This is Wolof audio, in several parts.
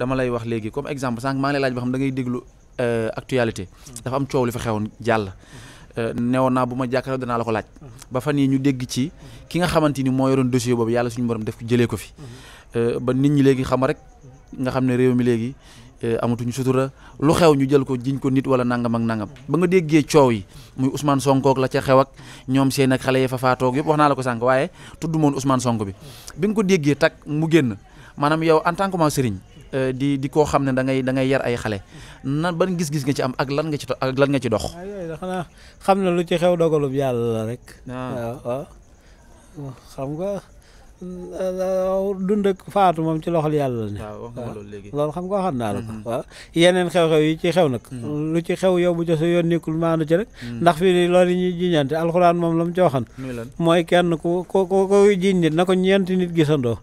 dama lay wax léegi comme exemple sànq maa ngi lay laaj ba xam da ngay déglu euh, actualité mm-hmm. dafa am coow li fa xewoon jàll mm-hmm. euh, newoon naa bu ma jàkkaarloo danaa la ko laaj mm-hmm. ba fan yi ñu dégg ci ki nga xamante ni moo yoroon dossier boobu yàlla suñu borom def jëlee ko fi euh, ba nit ñi léegi xam rek nga xam ne réew mi léegi amatuñu sutura lu xew ñu jël ko jiñ ko nit wala nangam ak nangam ba nga déggee coow yi muy Ousmane Sonko la ca xew ak ñoom seen ak xale yi fa faatoog yëpp wax naa la ko sànq waaye tudd moon bi bi nga ko déggee tak mu génn maanaam yow en tant que Euh, di di koo xam ne da ngay da ngay yar ay xale nan ba gis-gis nga ci am ak lan nga ci lan nga ci dox. xam na lu ci xew dogalub yàlla rek. Ah. xam nga. dund ak faatu moom ci loxol yàlla la loolu xam nga waxaat naa la ko mm-hmm. waaw yeneen xew-xew yi ci xew nag mm-hmm. lu ci xew yow bu ca sa yoon nekkul maandu ci rek mm-hmm. ndax fii ni loolu ñuy jiñante alxuraan moom la mu ci waxan mooy kenn ko ko ko ku jiñ nit na ko ñeenti nit gisandoo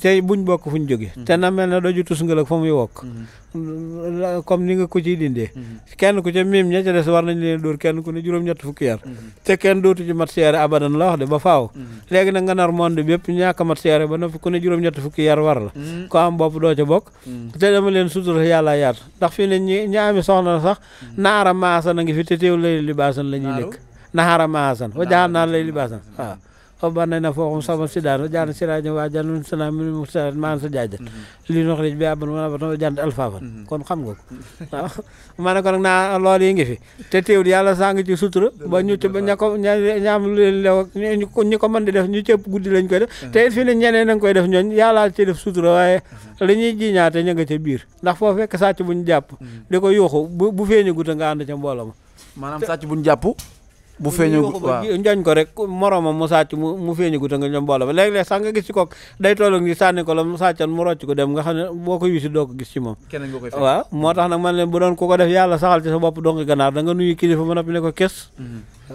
te buñ bokk fu ñu jóge te na mel ne doju tus la fa muy wokk comme ni nga ko ciy dindee mm-hmm. kenn ku ca miim ña ca des war nañ leen dóor kenn ku ne juróom-ñett fukki yar mm-hmm. te kenn dootu ci mat seere abadan la wax de ba faaw mm-hmm. léegi nag nga nar monde bépp ñàkk a mat seere ba noppi ku ne juróom-ñett fukki yar war la ko am bopp doo ca bokk te dama leen sutura yàlla yaatu ndax fii ne ñi ñi ami soxna sax naara maasan a ngi fi te teew lay libaasan la ñuy nekk naara maasan wa naa lay libaasan waaw وبنينا فوقهم صبا سدان وجعلنا سراجا وجعلنا سنا من المستعد ما انسى جاجا li noxrij bi abon wana batona jant alfaafan mhm. kon xam nga ko waaw ma ne ko nag naa loolu yi ngi fi te teewul yàlla saa ngi ci sutura ba ñu ci ña ko ñaam leen lew ñi ko mën di def ñu cëpp guddi lañ koy def mhm. te fi ñeneen a ngi koy def ñooñ yàllaa ci def sutura waaye mhm. li ñuy jiñaate ña nga ca biir ndax foo fekk sàcc bu ñu jàpp di ko yuuxu bu feeñagut a nga ànd ca mbooloo ma maanaam sàcc bu ñu jàpp bu feeñagut waaw njañ ko rek moromam mu sàcc mu mu feeñagut a nga ñoom mbooloo ba léeg-léeg sax nga gis ci kook day toll ak ni sànni ko la mu sàccan mu rocc ko dem boo ko yusi doo ko gis ci moom waaw moo tax nag man leen bu doon ku ko def yàlla saxal ci sa bopp donc ganaar da nuyu kilifa ma noppi ne ko kes mm-hmm.